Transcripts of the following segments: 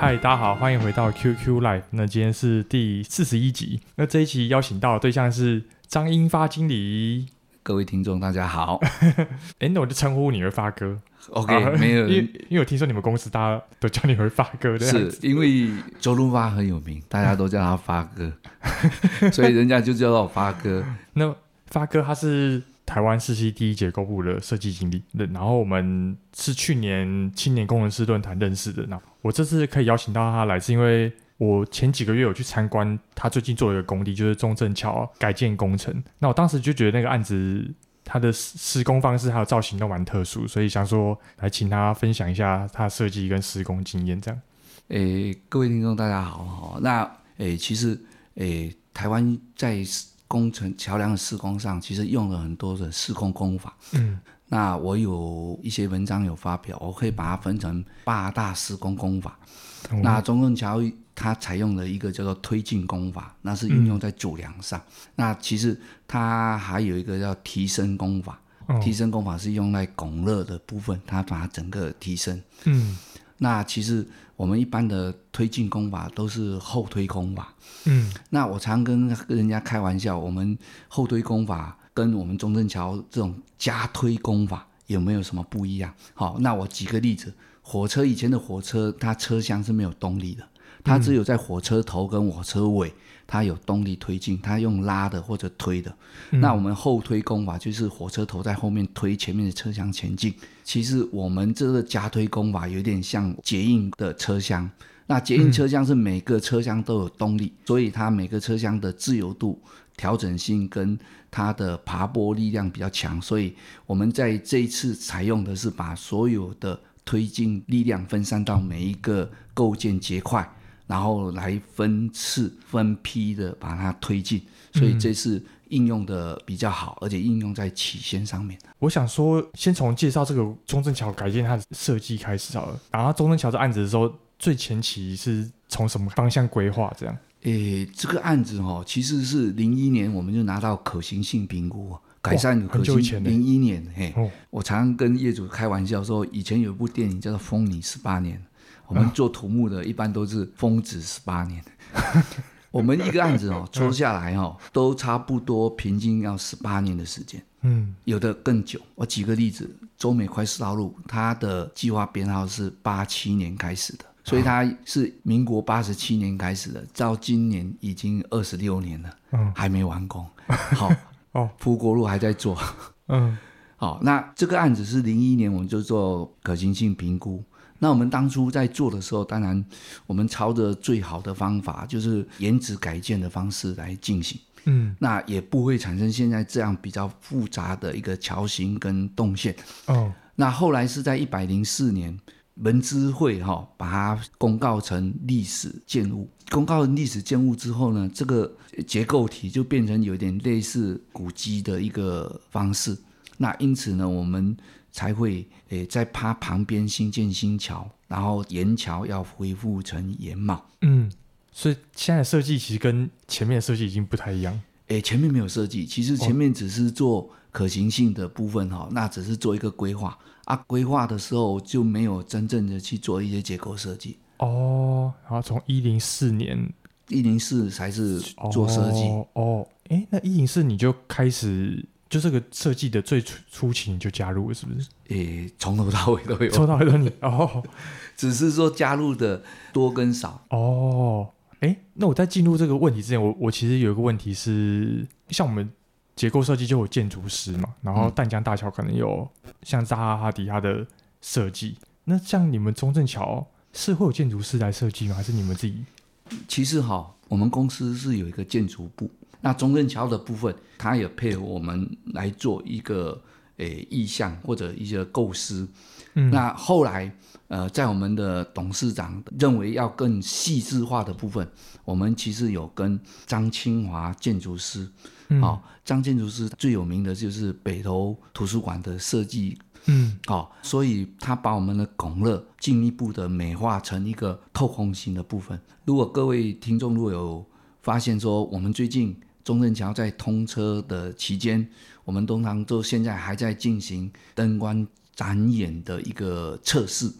嗨，Hi, 大家好，歡迎回到 QQ Live。那今天是第四十一集。那這一期邀請到的對象是張英發經理。各位聽眾，大家好。哎、 欸，那我就稱呼你為發哥。OK，、啊、沒有，因為因為我聽說你們公司大家都叫你為發哥，對，是因為周潤發很有名，大家都叫他發哥， 所以人家就叫做發哥。 那發哥他是？台灣世曦第一結構部的設計經理，然後我們是去年青年工程師論壇認識的。那我這次可以邀請到他來，是因為我前幾個月有去參觀他最近做的一個工地，就是中正橋改建工程。那我當時就覺得那個案子它的施工方式還有造型都蠻特殊，所以想說來請他分享一下他設計跟施工經驗這樣。誒、欸，各位聽眾大家好，那誒、欸、其實誒、欸、台灣在。工程橋梁的施工上，其實用了很多的施工工法。嗯，那我有一些文章有發表，我可以把它分成八大施工工法。意那中正橋它採用了一個叫做推進工法，那是應用在主梁上。嗯、那其實它還有一個叫提升工法，哦、提升工法是用在拱肋的部分，它把它整個提升。嗯那其實我們一般的推進工法都是後推工法。嗯，那我常跟人家開玩笑，我們後推工法跟我們中正橋這種夾推工法有沒有什麼不一樣？好，那我舉個例子，火車，以前的火車，它車廂是沒有動力的，它只有在火車頭跟火車尾。嗯它有動力推進，它用拉的或者推的。嗯、那我們後推工法就是火車頭在後面推前面的車廂前進。其實我們這個夾推工法有點像捷運的車廂。那捷運車廂是每個車廂都有動力，嗯、所以它每個車廂的自由度、調整性跟它的爬坡力量比較強。所以我們在這一次採用的是把所有的推進力量分散到每一個構件節塊。嗯然後來分次分批的把它推進，所以這次應用的比較好，嗯、而且應用在曲線上面。我想說，先從介紹這個中正橋改建它的設計開始好了。然後中正橋這案子的時候，最前期是從什麼方向規劃這樣？誒，這個案子哦，其實是零一年我們就拿到可行性評估、哦，改善可行性零一年。嘿，哦、我常常跟業主開玩笑說，以前有一部電影叫做《瘋女十八年》。我們做土木的，一般都是瘋子十八年。 我們一個案子哦，抽 下來哦，都差不多平均要十八年的時間。嗯，有的更久。我舉個例子，中美快速道路，它的計劃編號是八七年開始的，所以它是民國八十七年開始的，到今年已經二十六年了，嗯、還沒完工。好，鋪國路還在做。嗯，好，那這個案子是零一年，我們就做可行性評估。那我們當初在做的時候，當然我們朝着最好的方法，就是原址改建的方式來進行。嗯，那也不會產生現在這樣比較複雜的一個橋型跟動線。哦，那後來是在一百零四年，文資會哈、哦、把它公告成歷史建物。公告歷史建物之後呢，這個結構體就變成有點類似古蹟的一個方式。那因此呢，我們。才會誒、欸，在它旁邊新建新橋，然後沿橋要恢復成原貌。嗯，所以現在設計其實跟前面的設計已經不太一樣。誒、欸，前面沒有設計，其實前面只是做可行性的部分哈、哦哦，那只是做一個規劃啊。規劃的時候就沒有真正的去做一些結構設計。哦，然後從一零四年一零四才是做設計、哦。哦，哎、欸，那一零四你就開始。就這個設計的最初初期就加入了是不是？誒、欸，從頭到尾都有。從頭到尾都你有。哦，只是說加入的多跟少。哦，哎、欸，那我在進入這個問題之前，我我其實有一個問題是，像我們結構設計就有建築師嘛，然後淡江大橋可能有像扎哈哈蒂的設計，嗯、那像你們中正橋是會有建築師來設計嗎？還是你們自己？其實哈，我們公司是有一個建築部。那中正橋的部分，他也配合我們來做一個誒、欸、意象或者一些構思。嗯、那後來，呃，在我們的董事長認為要更細緻化的部分，我們其實有跟張清華建築師，嗯，張、哦、建築師最有名的就是北投圖書館的設計，嗯，好、哦，所以他把我們的拱肋進一步的美化成一個透空型的部分。如果各位聽眾若有發現說，我們最近。中正橋在通車的期間，我們通常都現在還在進行燈光展演的一個測試。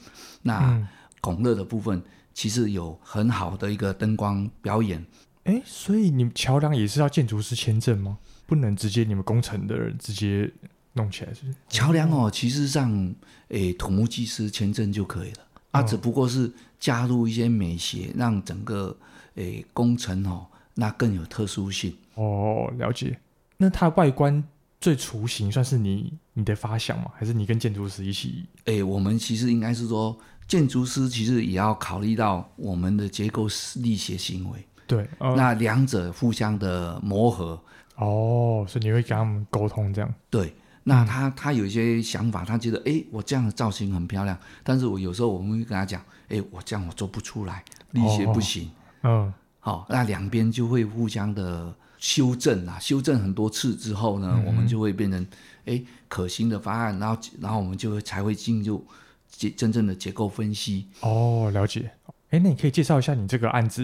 那拱肋的部分其實有很好的一個燈光表演。誒、嗯欸，所以你們橋樑也是要建築師簽證嗎？不能直接你們工程的人直接弄起來是不是，是橋樑哦。其實上誒、欸，土木技師簽證就可以了、嗯、啊，只不過是加入一些美學，讓整個誒、欸、工程哦、喔。那更有特殊性哦，了解。那它的外觀最雛形算是你你的發想嗎？還是你跟建築師一起？哎、欸，我們其實應該是說，建築師其實也要考慮到我們的結構力學行為。對，呃、那兩者互相的磨合。哦，所以你會跟他們溝通這樣？對。那他他有一些想法，他覺得哎、欸，我這樣的造型很漂亮，但是我有時候我們會跟他講，哎、欸，我這樣我做不出來，力學不行。哦哦嗯。好、哦，那兩邊就會互相的修正啊，修正很多次之後呢，嗯嗯我們就會變成哎、欸、可行的方案，然後然後我們就會才會進入結真正的結構分析。哦，了解。哎、欸，那你可以介紹一下你這個案子，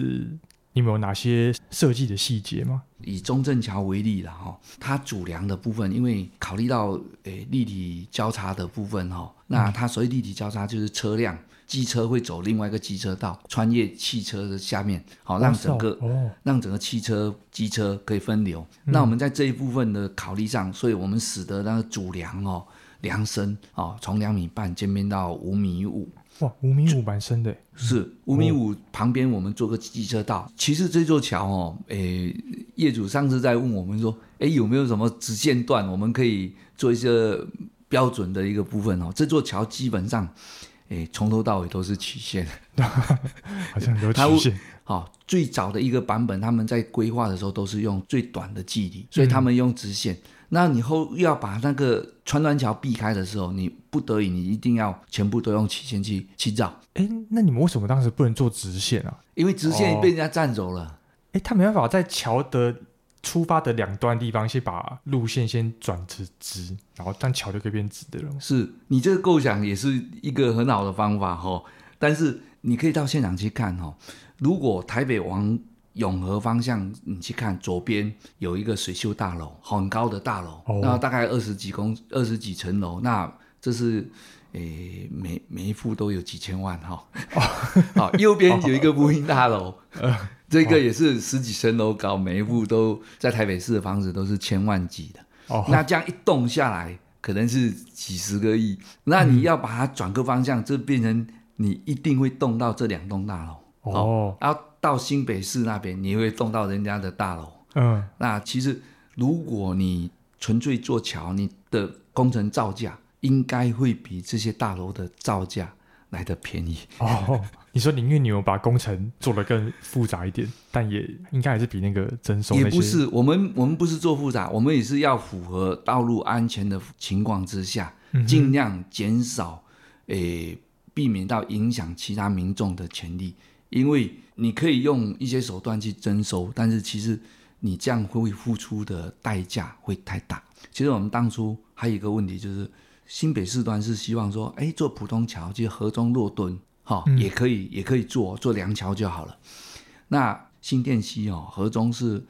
你們有哪些設計的細節嗎？以中正橋為例了哈，它主梁的部分，因為考慮到誒、欸、立體交叉的部分哈，那它所謂立體交叉就是車輛。嗯機車會走另外一個機車道，穿越汽車的下面，好、哦、讓整個塞讓整個汽車機、哦哦、車可以分流。嗯、那我們在這一部分的考慮上，所以我們使得那個主梁哦，梁深哦，從兩米半漸變到五米五。哇，五米五蠻深的。是五米五旁邊我們做個機車道。嗯、其實這座橋哦，誒、欸，業主上次在問我們說，誒、欸、有沒有什麼直線段，我們可以做一些標準的一個部分哦。這座橋基本上。哎，從頭到尾都是曲線， 好像有曲線。好，最早的一個版本，他們在規劃的時候都是用最短的距離，所以他們用直線。嗯、那你後要把那個川端橋避開的時候，你不得已，你一定要全部都用曲線去建造。哎，那你們為什麼當時不能做直線啊？因為直線被人家占走了。哎、哦，他沒辦法在橋的。出發的兩端地方，先把路線先轉成直，然後當橋就可以變直的了。是你這個構想也是一個很好的方法哈。但是你可以到現場去看哈。如果台北往永和方向，你去看左邊有一個水秀大樓，很高的大樓，那、哦、大概二十幾公二十幾層樓，那這是誒、欸、每每一戶都有幾千萬哈。好、哦， 右邊有一個無印大樓。哦 呃這個也是十幾層樓高，每一戶都在台北市的房子都是千萬級的。哦，那這樣一棟下來，可能是幾十個億。那你要把它轉個方向，嗯、這變成你一定會動到這兩棟大樓。哦，哦，然後到新北市那邊，你會動到人家的大樓。嗯，那其實如果你純粹做橋，你的工程造價應該會比這些大樓的造價來得便宜。哦。你說，寧願你們把工程做得更複雜一點，但也應該還是比那個徵收，那些。也不是，我們我們不是做複雜，我們也是要符合道路安全的情況之下，盡、嗯、哼量減少誒、呃、避免到影響其他民眾的權利。因為你可以用一些手段去徵收，但是其實你這樣會付出的代價會太大。其實我們當初還有一個問題就是，新北市段是希望說，哎，做普通橋，其實河中落墩。好，哦嗯、也可以，也可以做做梁橋就好了。那新店溪哦，河中是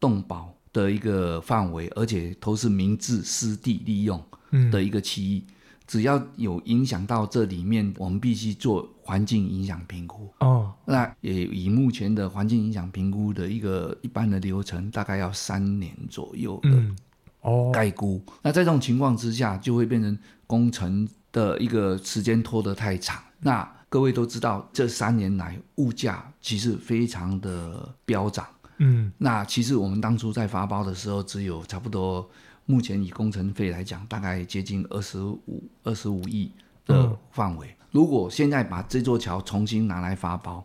動保的一個範圍，而且都是明治濕地利用的一個區域。嗯、只要有影響到這裡面，我們必須做環境影響評估。哦，那也以目前的環境影響評估的一個一般的流程，大概要三年左右的概括、嗯、哦概估。那在這種情況之下，就會變成工程的一個時間拖得太長。那各位都知道，這三年來物價其實非常的飆漲，嗯，那其實我們當初在發包的時候，只有差不多目前以工程費來講，大概接近二十五二十五億的範圍。嗯、如果現在把這座橋重新拿來發包，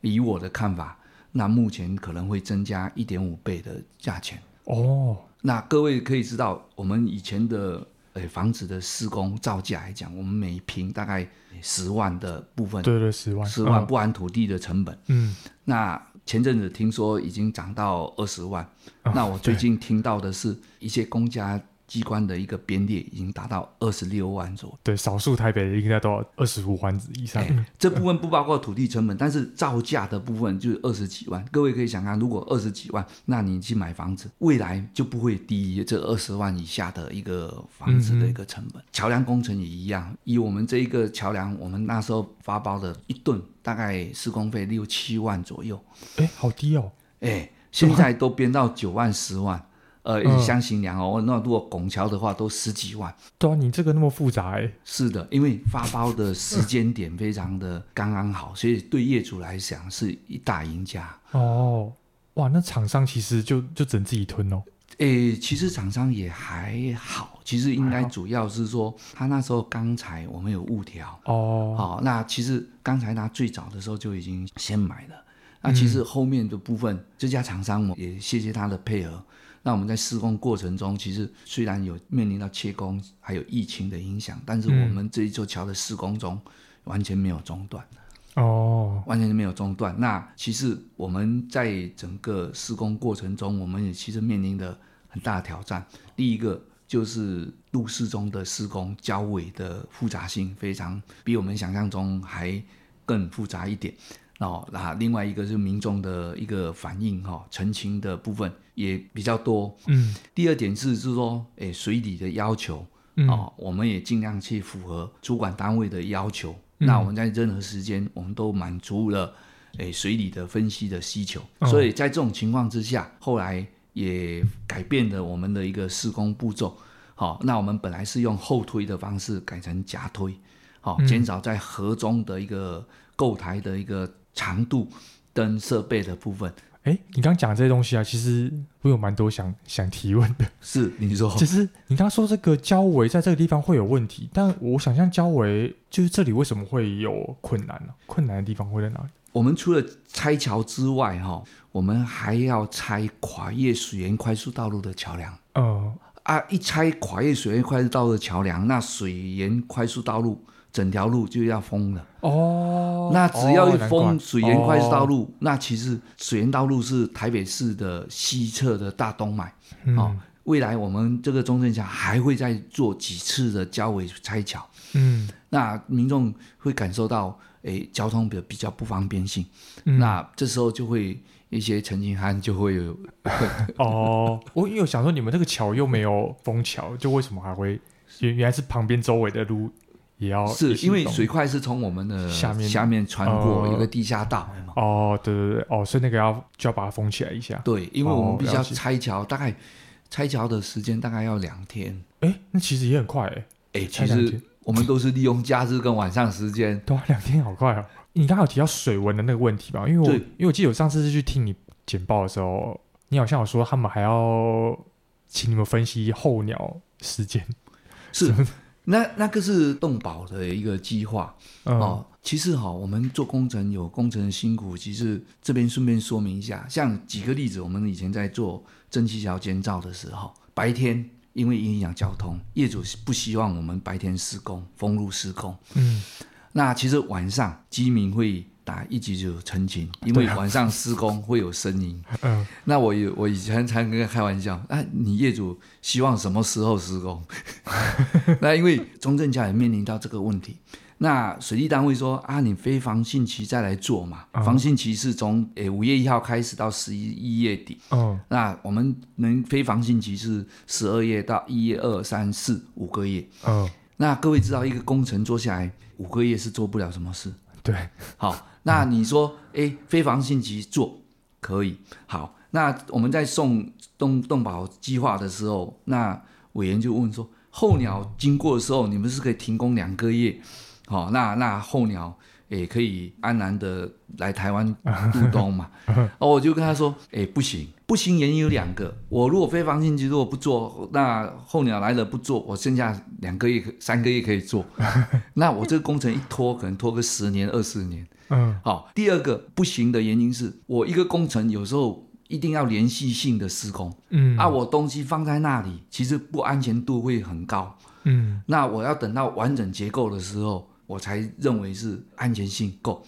以我的看法，那目前可能會增加一點五倍的價錢。哦，那各位可以知道，我們以前的。誒房子的施工造價來講，我們每平大概十萬的部分，對對，十萬十萬，不含土地的成本。嗯，那前陣子聽說已經漲到二十萬，嗯、那我最近聽到的是一些公家。機關的一個編列已經達到二十六萬左右，對，少數台北應該都二十五萬以上。哎，這部分不包括土地成本， 但是造價的部分就二十幾萬。各位可以想看，如果二十幾萬，那你去買房子，未來就不會低於這二十萬以下的一個房子的一個成本。嗯、哼，橋梁工程也一樣，以我們這一個橋梁，我們那時候發包的一噸大概施工費六七萬左右，哎，好低哦，誒、哎，現在都編到九萬十萬。10萬呃，一箱型梁哦，那如果拱橋的話，都十幾萬。對啊，你這個那麼複雜、欸、是的，因為發包的時間點非常的剛剛好， 嗯、所以對業主來講是一大贏家。哦，哇，那廠商其實就就只能自己吞嘍、喔。誒、欸，其實廠商也還好，其實應該主要是說好他那時候鋼材我們有物調哦。好，那其實鋼材他最早的時候就已經先買了，那其實後面的部分、嗯、這家廠商我也謝謝他的配合。那我們在施工過程中，其實雖然有面臨到缺工，還有疫情的影響，但是我們這一座橋的施工中完全沒有中斷，哦，完全是沒有中斷。那其實我們在整個施工過程中，我們也其實面臨的很大的挑戰。第一個就是都市中的施工交維的複雜性非常比我們想象中還更複雜一點，那哦，那另外一個是民眾的一個反應哈、哦，陳情的部分。也比較多，嗯。第二點是是說，誒、欸，水理的要求、嗯、哦，我們也盡量去符合主管單位的要求。嗯、那我們在任何時間，我們都滿足了，誒、欸，水理的分析的需求。哦、所以在這種情況之下，後來也改變了我們的一個施工步驟。好、哦，那我們本來是用後推的方式，改成夾推，好、哦，減、嗯、少在河中的一個構台的一個長度，跟設備的部分。哎、欸，你剛剛講這些東西啊，其實我有蠻多想想提問的。是你說，其實你剛剛說這個交維在這個地方會有問題，但我想象交維，就是這裡為什麼會有困難呢、啊？困難的地方會在哪裡？我們除了拆橋之外，哈，我們還要拆跨越水源快速道路的橋樑。哦、呃，啊，一拆跨越水源快速道路的橋樑，那水源快速道路。整條路就要封了哦。那只要一封水源快速道路，哦哦、那其實水源道路是台北市的西側的大動脈。嗯、哦，未來我們這個中正橋還會再做幾次的交維拆橋。嗯，那民眾會感受到，哎、欸，交通比比較不方便性。嗯、那這時候就會一些陳情函就會有哦， 我因為我想說你們這個橋又沒有封橋，就為什麼還會？原原來是旁邊周圍的路。也要是因為水塊是從我們的下面下面穿過一個地下道哦、呃呃，對對對，哦，所以那個要就要把它封起來一下。對，因為我們必須要拆橋，哦、大概拆橋的時間大概要兩天。哎、欸，那其實也很快哎、欸。哎、欸，其實我們都是利用假日跟晚上時間，都兩、 啊、天，好快哦、喔。你剛才有提到水文的那個問題吧，因為我是因為我記得我上次是去聽你簡報的時候，你好像有說他們還要請你們分析候鳥時間，是，是。是那那個是動保的一個計劃哦，哦。其實哈，我們做工程有工程的辛苦，其實這邊順便說明一下，像舉個例子，我們以前在做蒸汽橋建造的時候，白天因為影響交通，業主不希望我們白天施工封路施工。嗯，那其實晚上居民會。打一集就成情，因為晚上施工會有聲音。啊、那我我以前常跟他開玩笑，那、啊、你業主希望什麼時候施工？ 那因為中正橋也面臨到這個問題。那水利單位說啊，你非防汛期再來做嘛。防汛期是從誒五月一號開始到十一月底。哦、uh，huh. 那我們能非防汛期是十二月到一月二三四五個月。哦、uh，huh. 那各位知道一個工程做下來五個月是做不了什麼事。對，好，那你說，哎，非房性急做可以，好，那我們在送動動保計劃的時候，那委員就問說，候鳥經過的時候，你們是可以停工兩個月，好、哦，那那候鳥。也、欸、可以安然的來台灣度冬嘛？哦， 我就跟他說，哎、欸，不行，不行，原因有兩個。我如果非防汛期，如果不做，那候鳥來了不做，我剩下兩個月、三個月可以做。 那我這個工程一拖，可能拖個十年、二十年。嗯， 好。第二個不行的原因是，我一個工程有時候一定要連續性的施工。嗯，啊，我東西放在那裡，其實不安全度會很高。嗯，那我要等到完整結構的時候，我才認為是安全性夠，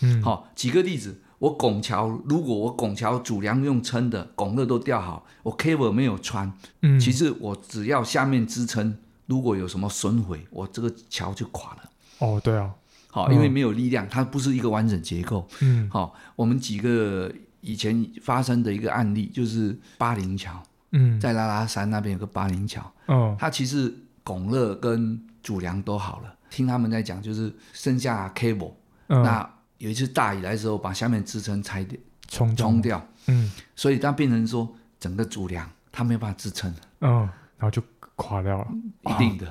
嗯，好，幾個例子，我拱橋，如果我拱橋主樑用撐的，拱肋都吊好，我 cable 沒有穿，嗯，其實我只要下面支撐，如果有什麼損毀，我這個橋就垮了。哦，對啊，好，因為沒有力量，哦、它不是一個完整結構，嗯，好，我們幾個以前發生的一個案例就是巴陵橋，嗯，在拉拉山那邊有個巴陵橋，嗯、哦，它其實拱肋跟主樑都好了。聽他們在講，就是剩下 cable，嗯、那有一次大雨來的時候，把下面的支撐拆掉，沖沖掉，嗯，所以它變成說整個主梁它沒有辦法支撐了，嗯，然後就垮掉了，啊、一定的，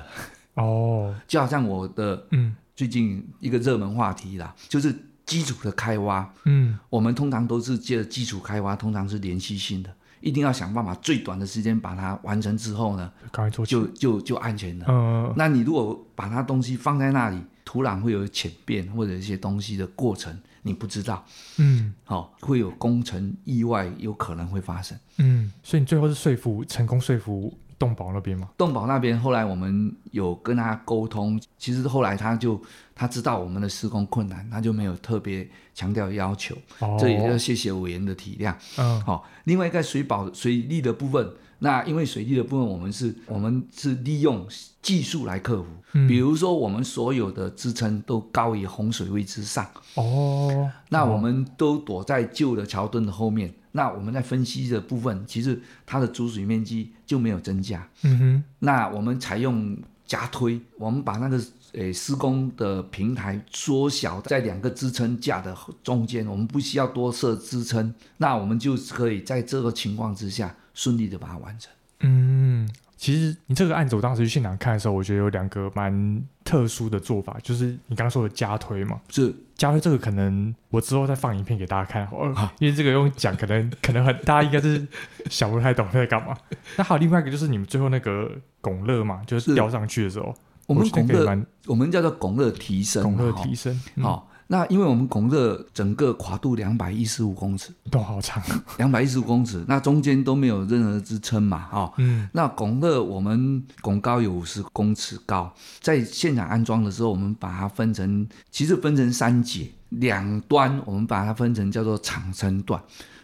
哦，就好像我的嗯最近一個熱門話題啦，嗯、就是基礎的開挖，嗯，我們通常都是借基礎開挖，通常是連續性的，一定要想辦法最短的時間把它完成之後呢，就就就，就安全了，嗯、呃，那你如果。把它東西放在那裡，土壤會有潛變或者一些東西的過程，你不知道，嗯，好、哦，會有工程意外有可能會發生，嗯，所以你最後是說服成功說服洞寶那邊嗎？洞寶那邊後來我們有跟他溝通，其實後來他就他知道我們的施工困難，他就沒有特別強調要求，哦、這也要謝謝委員的體諒，嗯，好、哦，另外一個水保水利的部分。那因為水利的部分，我們是，我們是利用技術來克服。嗯、比如說我們所有的支撐都高於洪水位之上。哦，那我們都躲在舊的橋墩的後面。哦、那我們在分析的部分，其實它的阻水面積就沒有增加。嗯哼，那我們採用夾推，我們把那個誒、呃、施工的平台縮小在兩個支撐架的中間，我們不需要多設支撐。那我們就可以在這個情況之下，順利的把它完成。嗯，其實你這個案子我當時去現場看的時候，我覺得有兩個蠻特殊的做法，就是你剛剛說的夾推嘛，是夾推，這個可能我之後再放影片給大家看好了，啊、因為這個用講可能可能很 大家，應該是想不太懂在幹嘛。 那還有另外一個就是你們最後那個拱肋嘛，就是吊上去的時候，是我們拱肋，我們叫做拱肋提、提升，拱肋提升，嗯、好。那因為我們拱肋整個跨度兩百一十五公尺，都好長，兩百一十五公尺，那中間都沒有任何的支撐嘛，哈、哦，嗯，那拱肋我們拱高有五十公尺高，在現場安裝的時候，我們把它分成，其實分成三節，兩端我們把它分成叫做場撐段，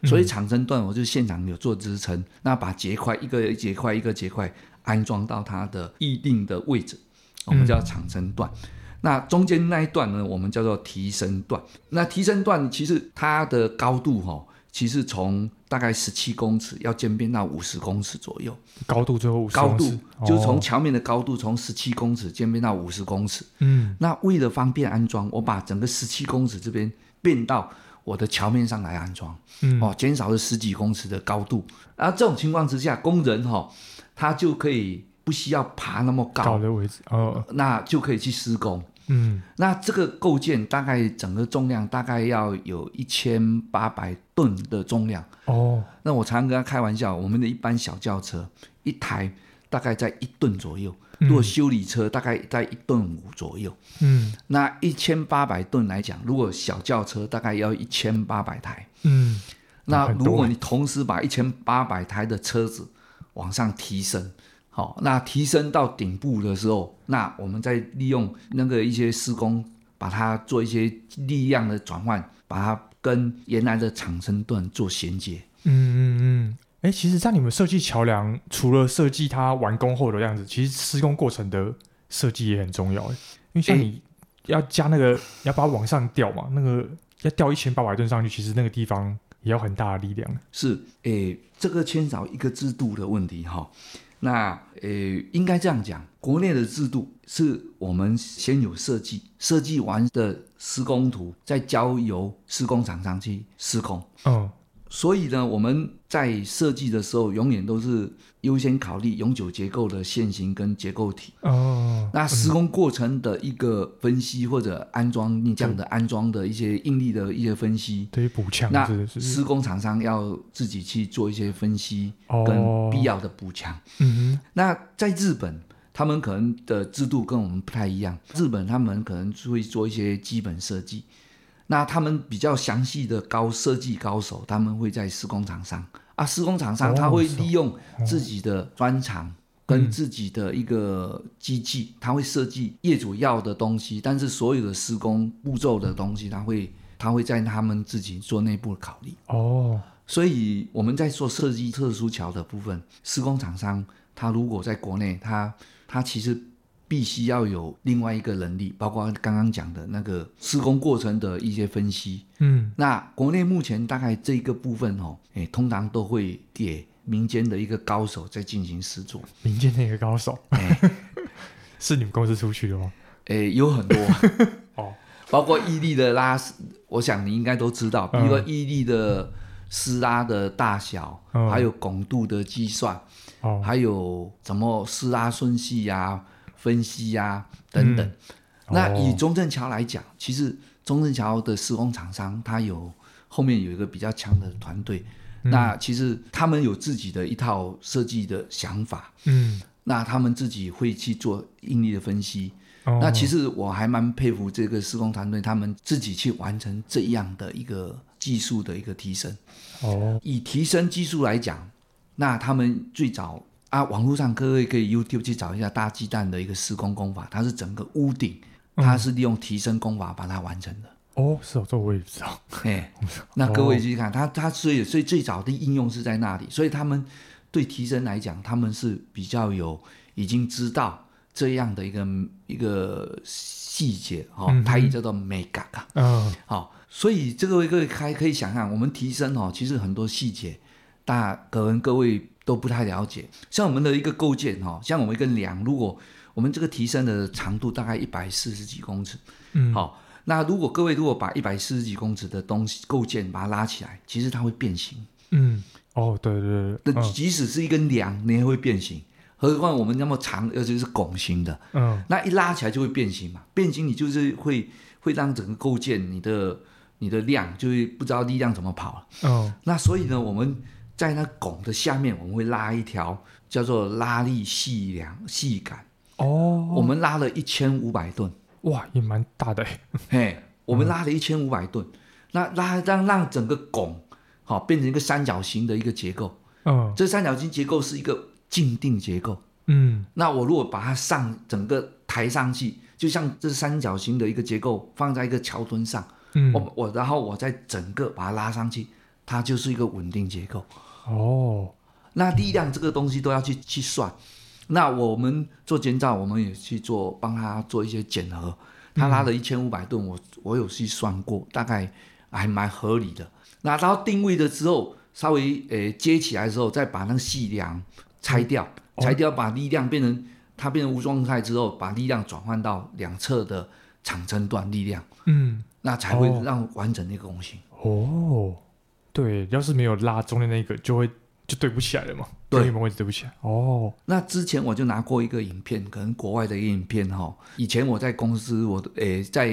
所以場撐段我就現場有做支撐，嗯、那把節塊一個節塊一個節塊安裝到它的預定的位置，我們叫場撐段。嗯那中間那一段呢，我們叫做提升段。那提升段其實它的高度哈，其實從大概十七公尺要漸變到五十公尺左右，高度最後五十公尺，高度哦，就從橋面的高度從十七公尺漸變到五十公尺。嗯，那為了方便安裝，我把整個十七公尺這邊變到我的橋面上來安裝，哦、嗯，減少了十幾公尺的高度。而這種情況之下，工人哈，他就可以。不需要爬那麼高，高的位置，哦，那就可以去施工。嗯，那這個構件大概整個重量大概要有一千八百噸的重量。哦，那我常常跟他開玩笑，我們的一般小轎車一台大概在一噸左右，嗯，如果修理車大概在一噸五左右。嗯，那一千八百噸來講，如果小轎車大概要一千八百台。嗯，那，那如果你同時把一千八百台的車子往上提升。好、哦，那提升到頂部的時候，那我們再利用那個一些施工，把它做一些力量的轉換，把它跟原來的場撐段做銜接。嗯嗯嗯。哎、欸，其實，在你們設計橋梁，除了設計它完工後的樣子，其實施工過程的設計也很重要。因為像你要加那個，欸、你要把它往上吊嘛，那個要吊一千八百噸上去，其實那個地方也有很大的力量。是，哎、欸，這個牽涉一個制度的問題、哦，哈。那，呃，應該這樣講，國內的制度是我們先有設計，設計完的施工圖，再交由施工廠商去施工。嗯。Oh. 所以呢，我們在設計的時候，永遠都是優先考慮永久結構的線型跟結構體。哦。嗯、那施工過程的一個分析或者安裝，你講的安裝的一些應力的一些分析，對於補強。那施工廠商要自己去做一些分析跟必要的補強。哦。嗯哼。那在日本，他們可能的制度跟我們不太一樣。日本他們可能會做一些基本設計。那他們比較詳細的高設計高手，他們會在施工廠商啊，施工廠商他會利用自己的專長跟自己的一個機器，他會設計業主要的東西，但是所有的施工步驟的東西，他會他會在他們自己做內部考慮。哦，所以我們在做設計特殊橋的部分，施工廠商他如果在國內，他他其實。必須要有另外一個能力，包括剛剛講的那個施工過程的一些分析。嗯，那國內目前大概這個部分哦，欸、通常都會給民間的一個高手在進行施作。民間的一個高手，嗯、 是你們公司出去的嗎？欸、有很多 哦，包括預力的拉，我想你應該都知道，比如說預力的施拉的大小，嗯、還有拱度的計算，哦，還有怎麼施拉順序呀？分析呀，啊，等等。嗯、那以中正橋來講，嗯、其實中正橋的施工廠商，他有後面有一個比較強的團隊。嗯、那其實他們有自己的一套設計的想法。嗯，那他們自己會去做應力的分析。嗯、那其實我還蠻佩服這個施工團隊，他們自己去完成這樣的一個技術的一個提升。哦、嗯，以提升技術來講，那他們最早。啊，網絡上各位可以 YouTube 去找一下大雞蛋的一個施工工法，它是整個屋頂，它是利用提升工法把它完成的。嗯、哦，是哦，這我也知道。哦、嘿，嗯、那各位去看、哦、它，它所以所以最早的應用是在那裡，所以他們對提升來講，他們是比較有已經知道這樣的一個一個細節哈，它、哦、也、嗯嗯、叫做美感啊。好、嗯哦，所以這個各位還可以想看，我們提升哦，其實很多細節，但可能各位。都不太了解，像我們的一個構件哈、哦，像我們一根梁，如果我們這個提升的長度大概一百四十幾公尺，嗯，好、哦，那如果各位如果把一百四十幾公尺的東西構件把它拉起來，其實它會變形，嗯，哦，對對對，那、哦、即使是一根梁，你也會變形，何況我們那麼長，而且是拱形的，嗯、哦，那一拉起來就會變形嘛，變形你就是會會讓整個構件你的你的量就會、是、不知道力量怎麼跑，了、哦。嗯，那所以呢，我們。在那拱的下面，我們會拉一條叫做拉力繫梁、繫桿哦。我們拉了一千五百噸，哇，也蠻大的哎、欸。我們拉了一千五百噸，嗯、那拉讓讓整個拱好、哦、變成一個三角形的一個結構。哦、這三角形結構是一個靜定結構。嗯，那我如果把它上整個抬上去，就像這三角形的一個結構放在一個橋墩上，嗯，我我然後我再整個把它拉上去，它就是一個穩定結構。哦，oh, 那力量這個東西都要去、嗯、去算。那我們做監造，我們也去做幫他做一些檢核。嗯、他拉了一千五百噸，我我有去算過，大概還蠻合理的。拿到定位了之後，稍微誒、欸、接起來之後，再把那個細梁拆掉，oh, 拆掉把力量變成它變成無狀態之後，把力量轉換到兩側的場撐段力量。嗯，那才會讓完整那個東西。哦。Oh, 對，要是沒有拉中間那個，就會就對不起來了嘛，對稱位置對不起來。哦，那之前我就拿過一個影片，可能國外的一個影片哈、哦。以前我在公司我，我誒在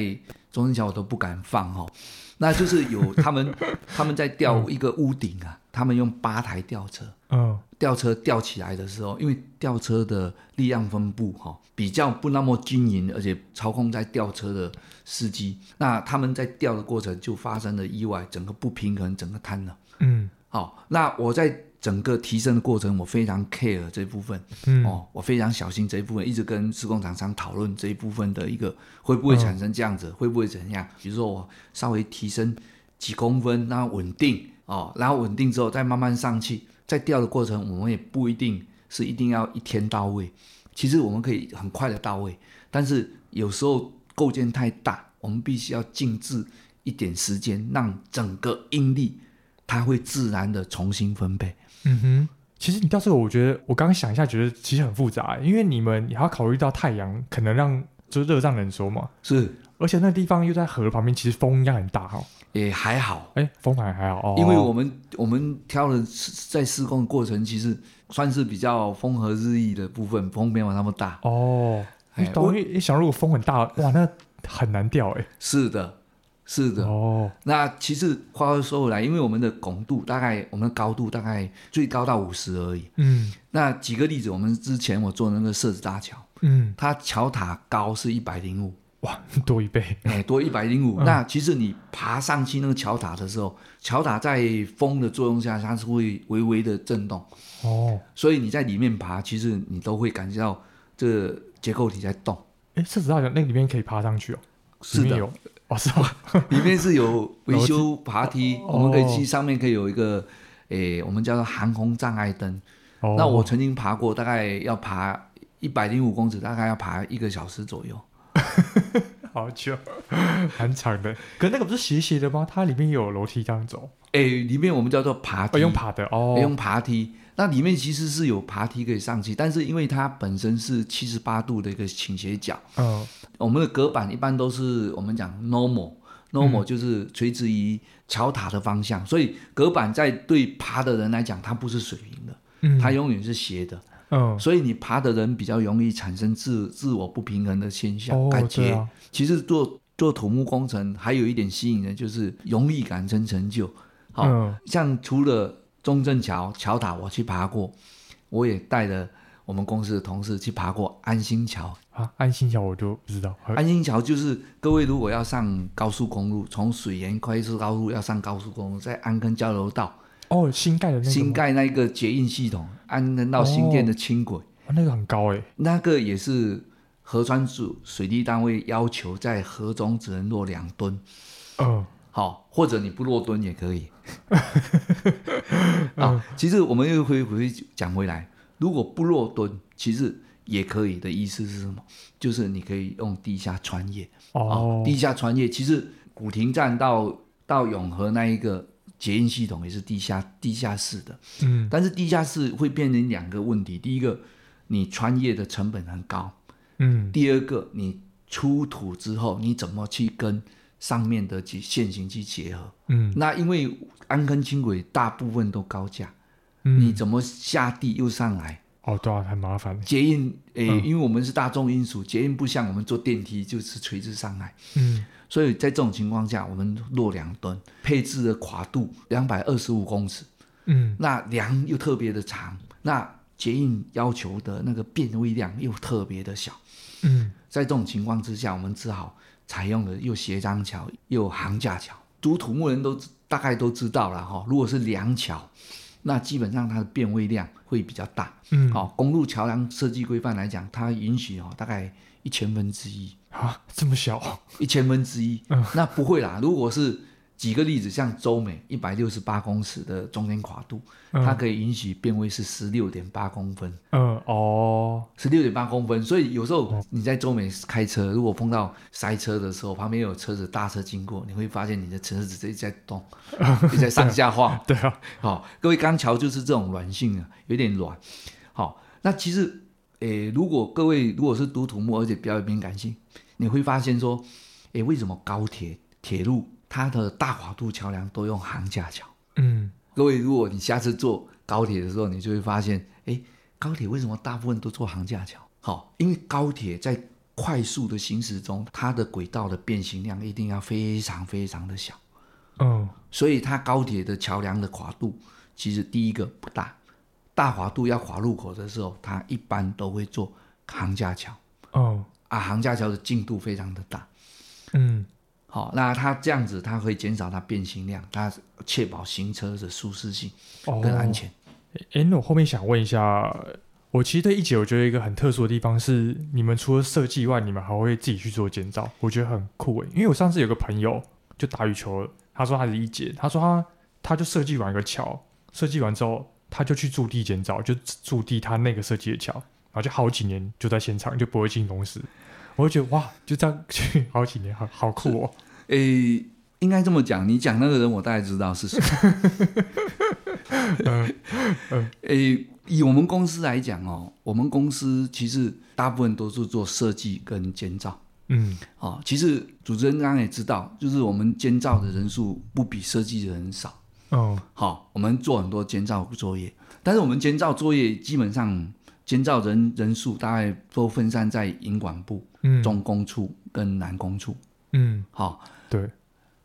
中正橋我都不敢放哈、哦。那就是有他們 他們在吊一個屋頂啊，嗯、他們用八台吊車，嗯，吊車吊起來的時候，因為吊車的力量分布哈、哦、比較不那麼均勻，而且操控在吊車的。司機，那他們在吊的過程就發生了意外，整個不平衡，整個癱了。嗯，好、哦，那我在整個提升的過程，我非常 care 這一部分，嗯、哦，我非常小心這一部分，一直跟施工廠商討論這一部分的一個會不會產生這樣子，嗯、會不會怎樣？比如說我稍微提升幾公分，那穩定，哦，然後穩定之後再慢慢上去，在吊的過程，我們也不一定是一定要一天到位，其實我們可以很快的到位，但是有時候。構件太大，我們必須要靜置一點時間，讓整個應力它會自然的重新分配。嗯哼，其實你到這個，我覺得我剛剛想一下，覺得其實很複雜，因為你們也要考慮到太陽可能讓就熱脹冷縮嘛。是，而且那地方又在河旁邊，其實風一樣很大哈、喔。也、欸、還好，哎、欸，風還還好哦。因為我們我們挑了在施工的過程，其實算是比較風和日麗的部分，風沒有那麼大哦。你當想，如果風很大，哇，那很難吊、欸。哎。是的，是的。哦，oh. 那其實話又說回來，因為我們的拱度大概，我們的高度大概最高到五十而已。嗯，那舉個例子，我們之前我做那個設置大橋，嗯，它橋塔高是一百零五，哇，多一倍，哎，多一百零五。那其實你爬上去那個橋塔的時候，橋、嗯、塔在風的作用下，它是會微微的震動。哦，oh. 所以你在裡面爬，其實你都會感覺到這個。結構體在動。哎，四十號那裡面可以爬上去哦？是的，哦是嗎？ 裡面是有維修爬梯，哦、我們可以去上面，可以有一個，誒、哦欸，我們叫做航空障礙燈。哦、那我曾經爬過，大概要爬一百零五公尺，大概要爬一個小時左右。 好久， 很長的。可那個不是斜斜的嗎？它裡面有樓梯這樣走。哎，裡面我們叫做爬梯、哦，用爬的哦，用爬梯。那裡面其實是有爬梯可以上去，但是因為它本身是七十八度的一個傾斜角。嗯、哦，我們的隔板一般都是我們講 normal，normal、嗯、就是垂直於橋塔的方向，所以隔板在對爬的人來講，它不是水平的，它永遠是斜的。嗯，哦、所以你爬的人比較容易產生自自我不平衡的現象，感覺、哦。其實做做土木工程還有一點，吸引人，就是榮譽感跟成就。好、嗯、像除了中正橋橋塔，我去爬過，我也帶了我們公司的同事去爬過安心橋。啊，安心橋我就不知道。安心橋就是各位如果要上高速公路，嗯、從水源快速高路要上高速公路，在安坑交流道。哦，新蓋的那個。新蓋那一個捷運系統，安坑到新店的輕軌、哦啊。那個很高哎、欸。那個也是。河川水水利單位要求在河中只能落兩墩，嗯，好，或者你不落墩也可以啊。 uh. 其實我們又回回講回來，如果不落墩，其實也可以的意思是什麼？就是你可以用地下穿越哦。Oh. 地下穿越其實古亭站到到永和那一個捷運系統也是地下地下室的，嗯，mm. 但是地下室會變成兩個問題。第一個，你穿越的成本很高。嗯，第二個，你出土之後你怎麼去跟上面的去線形去結合？嗯，那因為安坑輕軌大部分都高架，嗯，你怎麼下地又上來？哦，對、啊、很麻煩。捷運誒，欸嗯、因為我們是大眾運輸，捷運不像我們坐電梯就是垂直上來，嗯，所以在這種情況下，我們落梁墩，配置的跨度兩百二十五公尺，嗯，那梁又特別的長，那捷運要求的那個變位量又特別的小。嗯，在這種情況之下，我們只好採用了又斜張橋又桁架橋。讀土木人都大概都知道了哈、哦。如果是梁橋，那基本上它的變位量會比較大。嗯，好、哦，公路橋梁設計規範來講，它允許哦，大概一千分之一啊，這麼小、啊，一千分之一。嗯，那不會啦，如果是。舉個例子，像周美一百六十八公尺的中間跨度，它可以允許變位是十六點八公分。嗯哦，十六點八公分。嗯、所以有時候你在周美開車，嗯、如果碰到塞車的時候，旁邊有車子大車經過，你會發現你的車子在動，就、嗯、在上下晃。 對啊，好、哦，各位鋼橋就是這種軟性啊，有點軟。好、哦，那其實，誒、呃，如果各位如果是讀土木而且比較敏感性，你會發現說，誒、呃，為什麼高鐵鐵路？它的大跨度橋梁都用桁架橋。嗯，各位，如果你下次坐高鐵的時候，你就會發現，哎、欸，高鐵為什麼大部分都做桁架橋？好、哦，因為高鐵在快速的行駛中，它的軌道的變形量一定要非常非常的小。嗯、哦，所以它高鐵的橋梁的跨度其實第一個不大，大跨度要跨路口的時候，它一般都會做桁架橋。哦，啊，桁架橋的勁度非常的大。嗯。好、哦，那它這樣子，它可以減少它變形量，它確保行車的舒適性跟安全。哎、哦、欸，那我後面想問一下，我其實對一結我覺得一個很特殊的地方是，你們除了設計外，你們還會自己去做建造，我覺得很酷哎。因為我上次有個朋友就打羽球，他說他是一結，他說他他就設計完一個橋，設計完之後他就去駐地建造，就駐地他那個設計的橋，然後就好幾年就在現場，就不會進公司。我覺得哇，就這樣去好幾年，好好酷哦！誒、欸，應該這麼講，你講那個人，我大概知道是誰。呃，誒，以我們公司來講哦，我們公司其實大部分都是做設計跟監造，嗯，哦，其實主持人剛剛也知道，就是我們監造的人數不比設計的人少。哦，好、哦，我們做很多監造作業，但是我們監造作業基本上監造人人數大概都分散在營管部。嗯，中工處跟南工處，嗯，好、哦，對，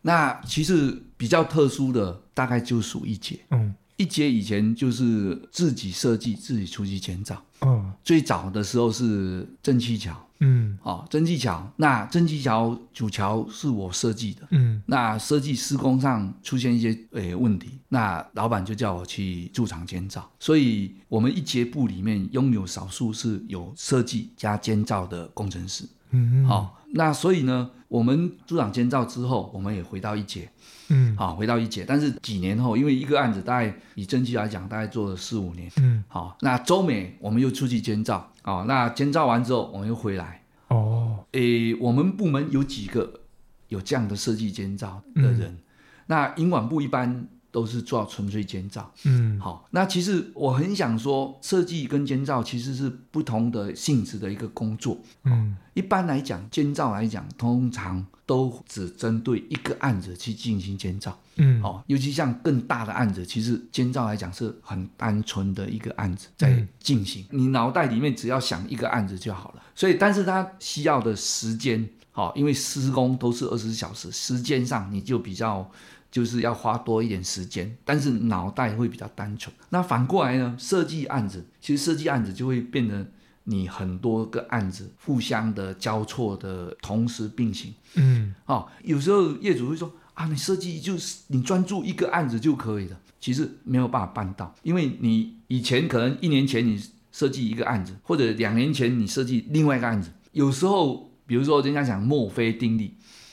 那其實比較特殊的大概就數一結。嗯，一結以前就是自己設計，自己出去建造。嗯、哦。最早的時候是正氣橋，嗯，好、哦，正氣橋，那正氣橋主橋是我設計的，嗯，那設計施工上出現一些呃、哎、問題，那老板就叫我去駐場監造，所以我們一節部裡面擁有少數是有設計加監造的工程師。嗯， 好，那所以呢，我們組長監造之後，我們也回到一結，嗯，好，回到一結，但是幾年後，因為一個案子，大概以週期來講，大概做了四五年，嗯，好，那周美我們又出去監造，哦，那監造完之後，我們又回來，哦，誒、欸，我們部門有幾個有這樣的設計監造的人，嗯、那營管部一般。都是做純粹監造，嗯，好，那其實我很想說，設計跟監造其實是不同的性質的一個工作，嗯，一般來講，監造來講，通常都只針對一個案子去進行監造，嗯，好、哦，尤其像更大的案子，其實監造來講是很單純的一個案子在進行，嗯、你腦袋裡面只要想一個案子就好了，所以，但是它需要的時間。好，因為施工都是二十四小時，時間上你就比較就是要花多一點時間，但是腦袋會比較單純。那反過來呢？設計案子，其實設計案子就會變得你很多個案子互相的交錯的同時並行。嗯，哦，有時候業主會說啊，你設計就是你專注一個案子就可以了，其實沒有辦法辦到，因為你以前可能一年前你設計一個案子，或者兩年前你設計另外一個案子，有時候。比如說，人家講墨菲定律，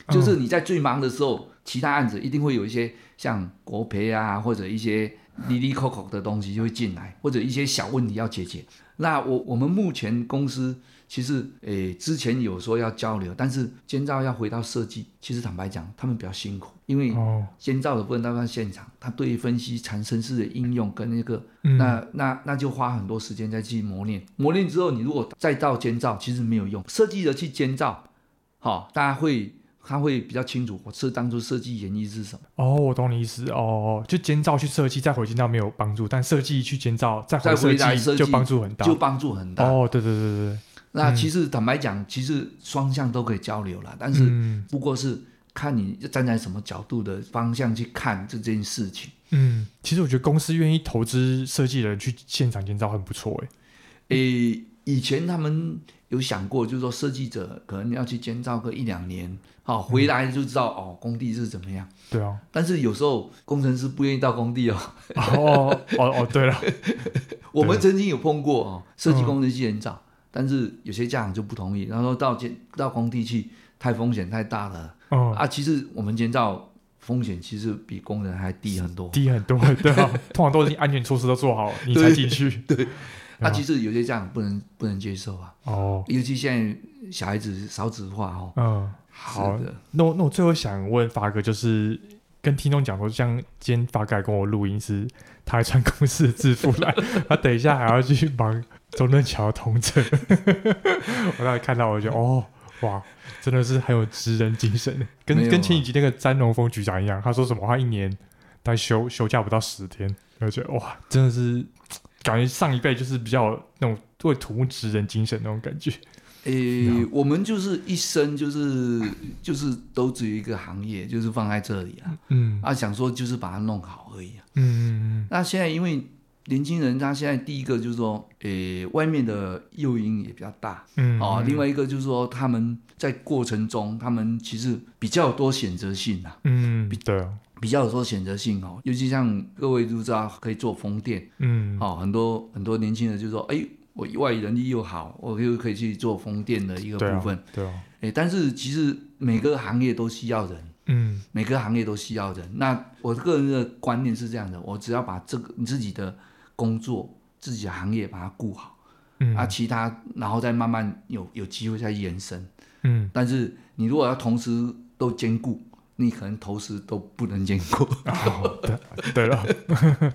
就是你在最忙的時候，oh. 其他案子一定會有一些像國賠啊，或者一些哩哩摳摳的東西就會進來，或者一些小問題要解決。那我我們目前公司。其實，誒，之前有說要交流，但是監造要回到設計。其實坦白講，他們比較辛苦，因為監造的部分在現場，他對於分析產生式的應用跟那個，嗯、那那那就花很多時間再去磨練。磨練之後，你如果再到監造，其實沒有用。設計的去監造，好、哦，大家會他會比較清楚，我設當初設計原因是什麼。哦，我懂你意思。哦，就監造去設計，再回監造沒有幫助，但設計去監造，再回設計就幫助很大，就幫助很大。哦，對對對對對。那其實坦白講，嗯、其實雙向都可以交流啦，但是不過是看你站在什麼角度的方向去看這件事情。嗯，其實我覺得公司願意投資設計人去現場監造很不錯哎、欸。誒、欸，以前他們有想過，就是說設計者可能要去監造個一兩年，好、哦、回來就知道、嗯、哦工地是怎麼樣。對啊。但是有時候工程師不願意到工地哦。哦哦 哦，哦，對了， 我們曾經有碰過哦，設計工程師監造。嗯但是有些家長就不同意，然後到建到工地去太風險太大了。嗯、啊，其實我們建造風險其實比工人還低很多，低很多， 對啊，通常都是安全措施都做好了， 你才進去。對，那、嗯啊、其實有些家長不能不能接受啊。哦，尤其現在小孩子少子化哦，嗯，好的。啊、那我那我最後想問發哥，就是跟聽眾講說，像今天發哥還跟我錄音師。他還穿公司的制服來， 他等一下還要去忙中正橋通車。我當時看到，我就覺得哦，哇，真的是很有職人精神，跟、啊、跟前幾集那個詹龍峰局長一樣。他說什麼？他一年帶休休假不到十天，我覺得哇，真的是感覺上一輩就是比較那種會圖職人精神那種感覺。誒，欸、No. 我們就是一生就是就是都只有一個行業，就是放在這裡了、啊。嗯、mm，hmm. 啊，想說就是把它弄好而已啊。啊嗯、mm hmm. 那現在因為年輕人，他現在第一個就是說，誒、欸，外面的誘因也比較大。嗯、mm。好、hmm. 哦、另外一個就是說，他們在過程中，他們其實比較多選擇性啊。嗯、mm。Hmm. 比對。比較多選擇性哦，尤其像各位都知道，可以做風電。嗯、mm。好、hmm. 哦、很多很多年輕人就是說，哎、欸。我以外語能力又好，我又可以去做風電的一個部分。對啊，對啊誒。但是其實每個行業都需要人，嗯，每個行業都需要人。那我個人的觀念是這樣的，我只要把這個你自己的工作、自己的行業把它顧好，嗯、啊，其他然後再慢慢有有機會再延伸。嗯。但是你如果要同時都兼顧，你可能同時都不能兼顧。哦、 對對了 誒。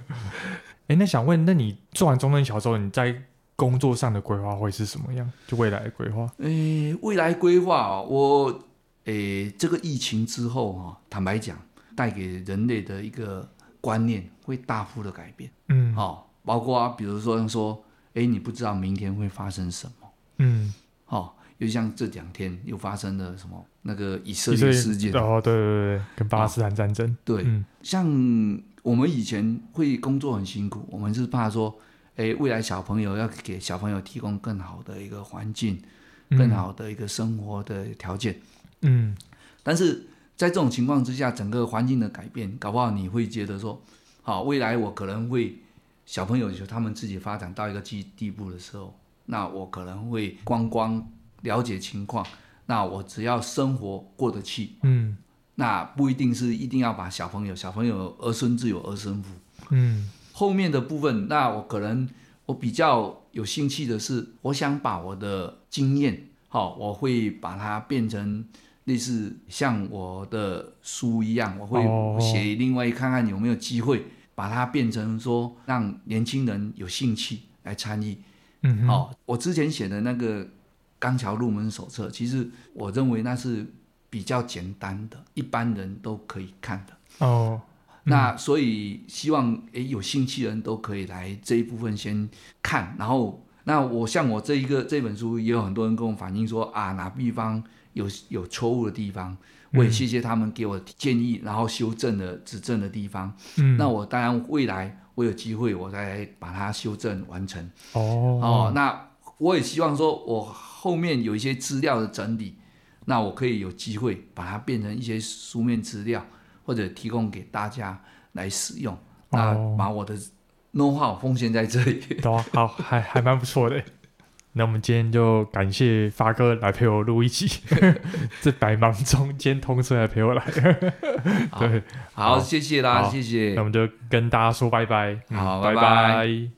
那想問，那你做完中正橋之後，你在？工作上的規劃會是什麼樣？就未來的規劃？誒、欸，未來規劃，我誒、欸，這個疫情之後哈，坦白講，帶給人類的一個觀念會大幅的改變。嗯，好、哦，包括比如說像說，哎、欸，你不知道明天會發生什麼。嗯，好、哦，就像這兩天又發生了什麼那個以色列事件？哦，對對對，跟巴勒斯坦戰爭。哦、對，嗯、像我們以前會工作很辛苦，我們是怕說。哎、欸，未來小朋友，要給小朋友提供更好的一個環境，嗯、更好的一個生活的條件。嗯，但是在這種情況之下，整個環境的改變，搞不好你會覺得說，好、哦，未來我可能會小朋友就他們自己發展到一個幾地步的時候，那我可能會觀光，光了解情況，那我只要生活過得去，嗯，那不一定是一定要把小朋友，小朋友兒孫自有兒孫福，嗯。後面的部分，那我可能我比較有興趣的是，我想把我的經驗，好、哦，我會把它變成類似像我的書一樣，我會寫另外一、哦、看看有沒有機會把它變成說，讓年輕人有興趣來參與。嗯哼，好、哦，我之前寫的那個鋼橋入門手冊，其實我認為那是比較簡單的，一般人都可以看的。哦。那所以希望誒有興趣的人都可以來這一部分先看，然後那我像我這一個這本書也有很多人跟我反映說，啊哪地方有有錯誤的地方，我也謝謝他們給我建議，然後修正的指正的地方。嗯，那我當然未來我有機會我再來把它修正完成。哦哦，那我也希望說我後面有一些資料的整理，那我可以有機會把它變成一些書面資料。或者提供給大家來使用，那把我的 know-how 奉獻在這裡。哦，好，還還蠻不錯的。那我們今天就感謝發哥來陪我錄一期，這百忙中今天通車來陪我來。對，好，謝謝啦，謝謝。那我們就跟大家說拜拜，好，拜拜。